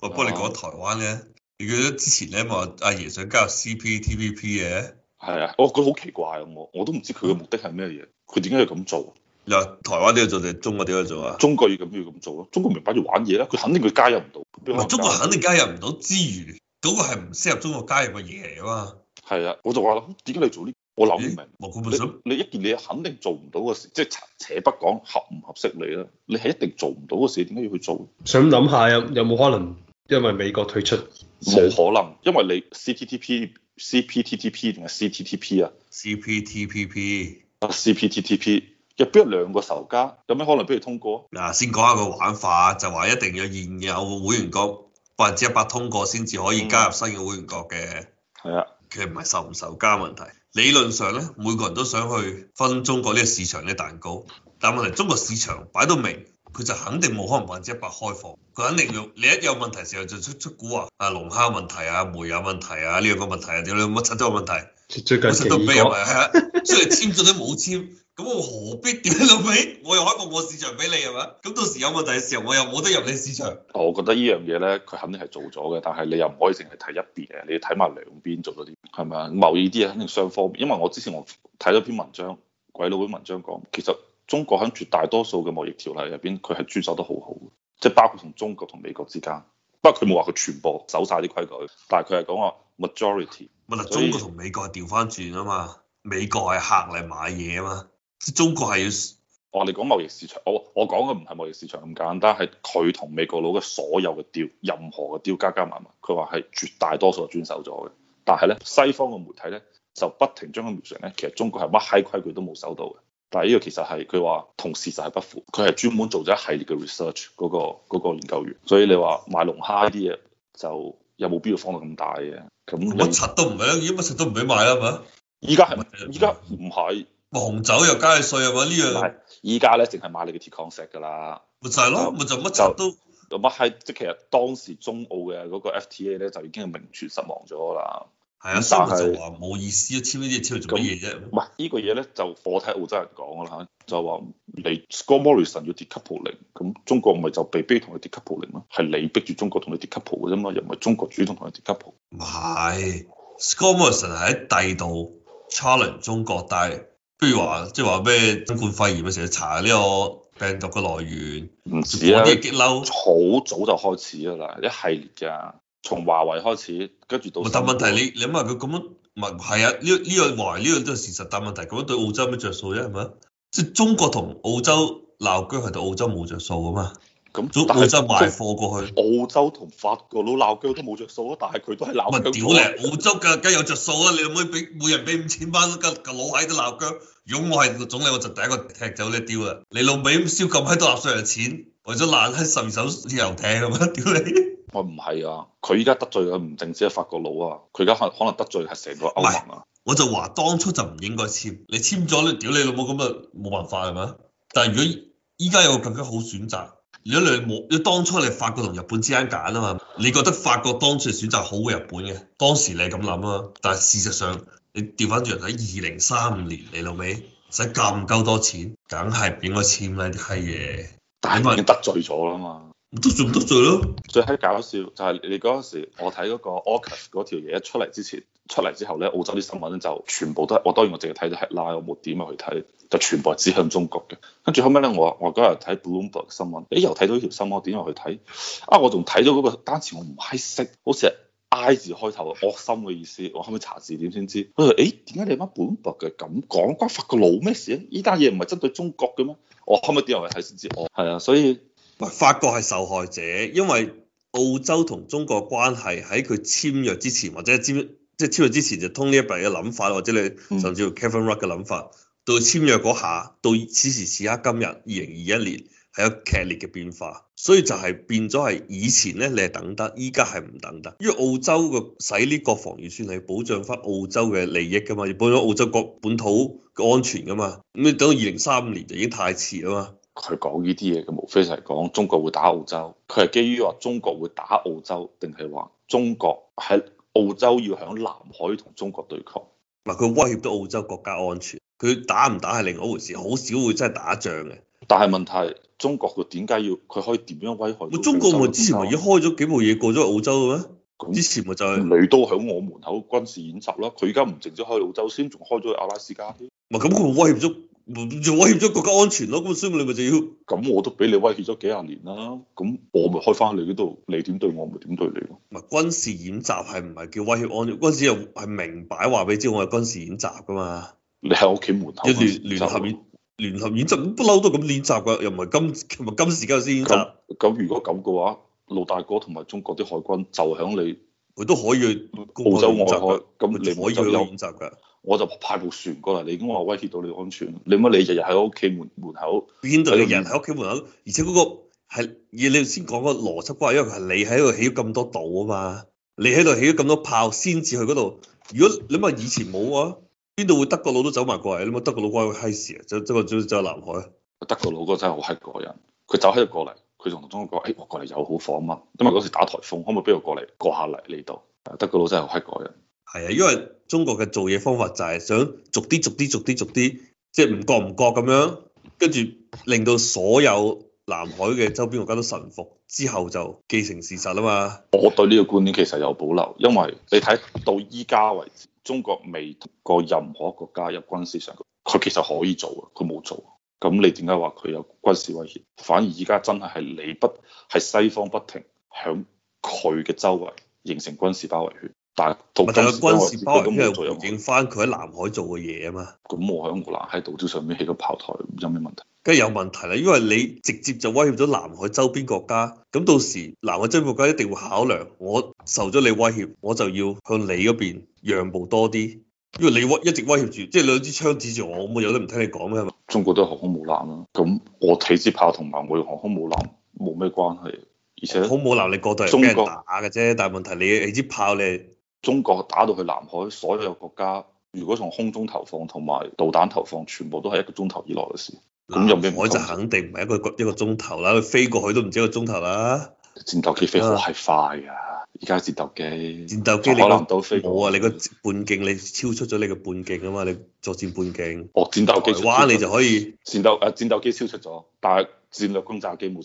我幫你講台灣咧，你記得之前咧，我阿爺想加入 CPTPP 嘅？係啊，我覺得好奇怪啊。我我都唔知佢嘅目的係咩嘢，佢點解要咁做，啊？又台灣都要做定中國點解做，啊、做啊？中國要咁要咁做啊？中國咪擺住玩嘢啦，佢肯定佢加入唔到。中國肯定加入唔到之餘，嗰、那個係唔適合中國加入嘅嘢啊嘛。係啊，我就話啦，點解你做呢、這個？我諗唔明。冇，佢唔想你，你一件你肯定做唔到嘅事，即係且不講合唔合適你啦，你係一定做唔到嘅事，點解要去做？想諗下有冇可能？因為美國退出冇可能，因為你 CPTP、CPTPP 定係 CPTP 啊？CPTPP 啊 CPTPP 入邊有兩個仇家，有咩可能俾佢通過嗱，先講下個玩法，就話一定要現有會員國百分之一百通過先至可以加入新嘅會員國嘅。係啊、嗯，其實唔係仇唔仇家問題，理論上咧，每個人都想去分中國呢個市場嘅蛋糕，但問題中國市場擺到明。佢就肯定冇可能百分之一百開放，佢肯定要你一有問題時候就出出股話啊，啊龍蝦問題啊，煤有問題啊，呢兩、呢個問題、啊，都有兩乜七多問題，最近都未有啊，所以 簽咗都冇簽，咁我何必點老尾我又開放冇市場俾你係嘛？咁到時有問題嘅時候我又冇得入你市場。我覺得呢樣嘢咧，佢肯定係做咗嘅，但係你又唔可以淨係睇一邊嘅，你要睇埋兩邊做咗啲係咪啊？某啲啲嘢肯定雙方面，因為我之前我睇咗篇文章，鬼佬嘅文章講其實。中國喺絕大多數嘅貿易條例入邊，佢係遵守得好好，即係包括同中國同美國之間。不過佢冇話佢全部守晒啲規矩，但係佢係講話 majority 所以。咪中國同美國係調翻轉啊嘛，美國係客嚟買嘢啊嘛，中國係要。我哋講貿易市場，我我講嘅唔係貿易市場咁簡單，係佢同美國佬嘅所有嘅調，任何嘅調加加埋埋，佢話係絕大多數係遵守咗嘅。但係咧，西方嘅媒體咧就不停將佢描述咧，其實中國係乜閪規矩都冇守到嘅。但呢個其實係佢話同事實係不符，佢係專門做咗一系列嘅 research 嗰、嗰個、嗰個研究員，所以你話賣龍蝦呢啲嘢就有冇必要放到咁大嘅，咁乜柒都唔係啦，而家乜柒都唔俾賣啦嘛，依家係唔係？依家唔係，紅酒又加稅啊嘛，呢個、呢樣依家咧淨係買你嘅鐵礦石噶啦，咪就係咯，咪就乜、是、柒都，乜閪即係其實當時中澳嘅嗰個 FTA 咧就已經係名存實亡咗啦。係啊，但係就話冇意思咯，簽、這個、呢啲嘢簽做乜嘢啫？唔係呢個嘢咧，就我睇澳洲人講噶啦吓，就話你 Scott Morrison 要脫 coupling，咁中國咪就被逼同佢脫 coupling 咯？係你逼住中國同佢脫 coupling 嘛，又唔係中國主動同佢脫 coupling。唔係 Scott Morrison 係喺第二度 challenge 中國，但係譬如話即係話咩新冠肺炎啊，成日查呢個病毒嘅來源，唔知啊，激嬲好早就開始噶啦，一系列噶。從華為開始，跟住到但、啊這個。但問題你你諗下佢咁樣，唔係啊呢呢樣華為呢樣都係事實，答問題咁樣對澳洲有咩着數啫？係咪啊？即、就、係、是、中國同澳洲鬧僵，係對澳洲冇着數啊嘛。咁但，中澳洲賣貨過去。澳洲同法國佬鬧僵都冇着數啊，但係佢都係鬧。我屌你！澳洲嘅梗有着數啊！你可唔可以俾每日俾五千蚊？個個老閪都鬧僵。擁我係總理，我就第一個踢走呢一啊！你老味咁燒咁喺度納稅人嘅錢，為咗攔喺十二艘遊艇咁啊！屌你！佢唔係啊，佢依家得罪嘅唔淨止係法國佬啊，佢而家可可能得罪係成個歐盟啊。我就話當初就唔應該簽，你簽咗你屌你老母咁啊，冇辦法係嘛？但係如果依家有更加好選擇，如果你冇，你當初你法國同日本之間揀啊嘛，你覺得法國當初選擇好過日本嘅，當時你係咁諗啊？但係事實上你調翻轉頭喺二零三五年你老味使咁鳩多錢，梗係唔應該簽呢啲閪嘢。但係已經得罪咗啦嘛。都做唔得做咯，最閪搞笑就係你嗰時，我睇嗰個 AUKUS 嗰條嘢出嚟之前，出嚟之後咧，澳洲啲新聞就全部都係，我當然我淨係睇到 headline，我冇點啊去睇，就全部係指向中國嘅。跟住後尾咧，我我嗰日睇《Bloomberg》新聞，誒又睇到呢條新聞，我點入去睇？啊我仲睇到嗰個單詞我唔閪識，好似係 I 字開頭，惡心嘅意思，我後尾查字典先知。我話誒，點解你媽《Bloomberg》嘅咁講，關法國佬咩事啊？呢單嘢唔係針對中國嘅咩？我後尾點入去睇先知？我係啊，所以。法國係受害者，因為澳洲同中國關係喺佢簽約之前，或者簽即係、就是、簽約之前就通呢一 y 嘅諗法，或者你甚至乎 Kevin Rudd 嘅諗法，到簽約嗰下，到此時此刻今日二零二一年係有劇烈嘅變化，所以就係變咗係以前咧，你係等得，依家係唔等得。因為澳洲嘅使呢個防禦算係保障翻澳洲嘅利益噶嘛，要保障澳洲國本土嘅安全噶嘛，咁你等到二零三五年就已經太遲啦嘛。佢講呢啲嘢嘅，無非就係講中國會打澳洲。佢係基於話中國會打澳洲，定係話中國喺澳洲要響南海同中國對抗？唔佢威脅到澳洲國家安全。佢打唔打係另外一回事，好少會真係打仗嘅。但係問題，中國佢點解要佢可以點樣威脅？中國咪之前咪已經開咗幾部嘢過咗去澳洲嘅咩？那之前咪就係你都響我門口軍事演習咯。佢而家唔直接開澳洲，先仲開咗去阿拉斯加添。唔咁，佢威脅咗。就威脅咗國家安全咯，咁所以你咪就要。咁我都俾你威脅咗幾十年啦，咁我咪開翻你嗰度，你點對我，咪點對你咯。軍事演習係唔係叫威脅安全？嗰陣時又係明擺話俾你知，我係軍事演習噶嘛。你喺屋企門口。聯聯合演聯合演習不嬲都咁演習㗎，又唔係今唔係今時今日先演習。咁如果咁嘅話，老大哥同埋中國啲海軍就響你，佢都可以去澳洲外海，你唔可以去嗰演習㗎。我就派部船過嚟，你已經話威脅到你安全，你乜你日日喺屋企門門口邊度嘅人喺屋企門口，而且嗰個係以你先講個邏輯關係，因為係你喺度起咗咁多島啊嘛，你喺度起咗咁多炮，先至去嗰度。如果你諗下以前冇啊，邊度會德國佬都走埋過嚟？你諗下德國佬乖閪事啊，走走走走南海。走哎、啊可可，德國佬嗰真係好閪過人，佢走喺度過嚟，佢同中國講，誒，我過嚟有好火啊嘛。咁啊嗰時打台風，可唔可以俾我過嚟過下嚟呢度？德國佬真係好閪過人。係啊，因為中國嘅做嘢方法就係想逐啲逐啲逐啲逐啲，即係唔覺唔覺咁樣，跟住令到所有南海嘅周邊國家都臣服，之後就既成事實啊嘛。我對呢個觀點其實有保留，因為你睇到依家為止，中國未同過任何一個國家入軍事上，佢其實可以做啊，佢冇做。咁你點解話佢有軍事威脅？反而依家真係係你不係西方不停響佢嘅周圍形成軍事包圍圈。但係，但係軍事包咁又回應翻佢喺南海做嘅嘢啊嘛。咁我喺湖南喺島礁上面起個炮台，有咩問題？梗係有問題啦，因為你直接就威脅咗南海周邊國家。咁到時南海周邊國家一定會考量，我受咗你威脅，我就要向你嗰邊讓步多啲，因為你一直威脅住，即係兩支槍指住我，我有都唔聽你講咩嘛！中國都係航空母艦啦，咁我睇支炮同埋我航空母艦冇咩關係，而且航空母艦你過度嚟畀人打嘅啫。但係問題你你支炮你。中國打到去南海，所有國家如果從空中投放同埋導彈投放，全部都係一個鐘頭以內嘅事。咁入邊海就肯定唔係一個一個鐘頭啦，佢飛過去都唔止一個鐘頭啦。戰鬥機飛好係快噶，而家、啊、戰鬥機，戰鬥機你可能都飛唔到啊！你個半徑你超出咗你個半徑啊嘛，你作戰半徑。哦，戰鬥機，哇，你就可以戰鬥機啊！戰鬥機超出咗，但係戰略轟炸機冇。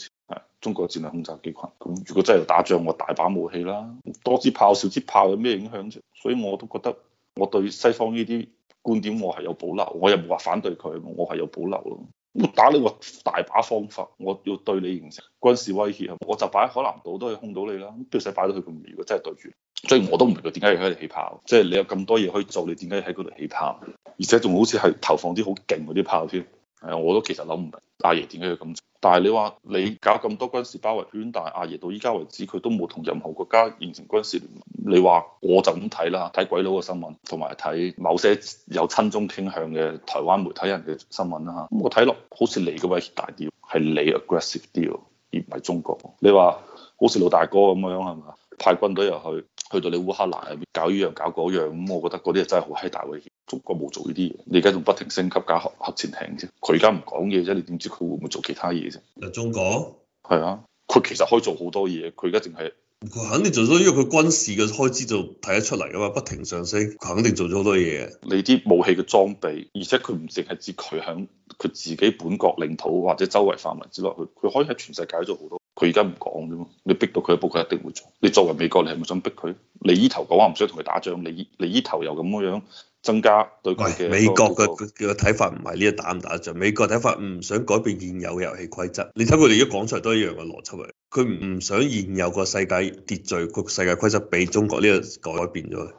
中國戰略轟炸機群，咁如果真係打仗，我大把武器啦，多支炮少支炮有咩影響啫？所以我都覺得我對西方呢啲觀點我係有保留，我又冇話反對佢，我係有保留咯。打呢個大把方法，我要對你形成軍事威脅，我就擺喺海南島都可以控到你啦。邊使擺到佢咁遠？如果真係對住，所以我都唔明佢點解要喺度起炮，即係你有咁多嘢可以做，你點解要喺嗰度起炮？而且仲好似係投放啲好勁嗰啲炮添。係，我都其實諗唔明阿爺點解要咁做。但係你話你搞咁多軍事包圍圈，但係阿爺到依家為止佢都冇同任何國家形成軍事聯盟。你話我就咁睇啦，睇鬼佬嘅新聞，同埋睇某些有親中傾向嘅台灣媒體人嘅新聞啦嚇。我睇落好似你嘅威脅大啲，係你 aggressive 啲，而唔係中國。你話好似老大哥咁樣係嘛？派軍隊入去，去到你烏克蘭入邊搞依樣搞嗰樣，咁我覺得嗰啲真係好閪大威脅。中國冇做呢啲嘢，你而家仲不停升級加核核潛艇啫。佢而家唔講嘢啫，你點知佢會唔會做其他嘢啫？嗱，中國係啊，佢其實可以做好多嘢，佢而家淨係佢肯定做咗，因為佢軍事嘅開支就睇得出嚟㗎嘛，不停上升，佢肯定做咗好多嘢。你啲武器嘅裝備，而且佢唔淨係指佢響佢自己本國領土或者周圍範圍之內去，佢可以喺全世界做好多。佢而家唔講啫嘛，你逼到佢一步，佢一定會做。你作為美國，你係咪想逼佢？你呢頭講話唔想同佢打仗，你呢你呢頭又咁樣。增加對抗嘅。美國嘅嘅睇法唔係呢個打唔打得著。美國睇法，唔想改變現有嘅遊戲規則。你睇佢哋而家講出嚟都一樣嘅邏輯嚟。佢唔想現有個世界秩序、個世界規則俾中國呢個改變咗。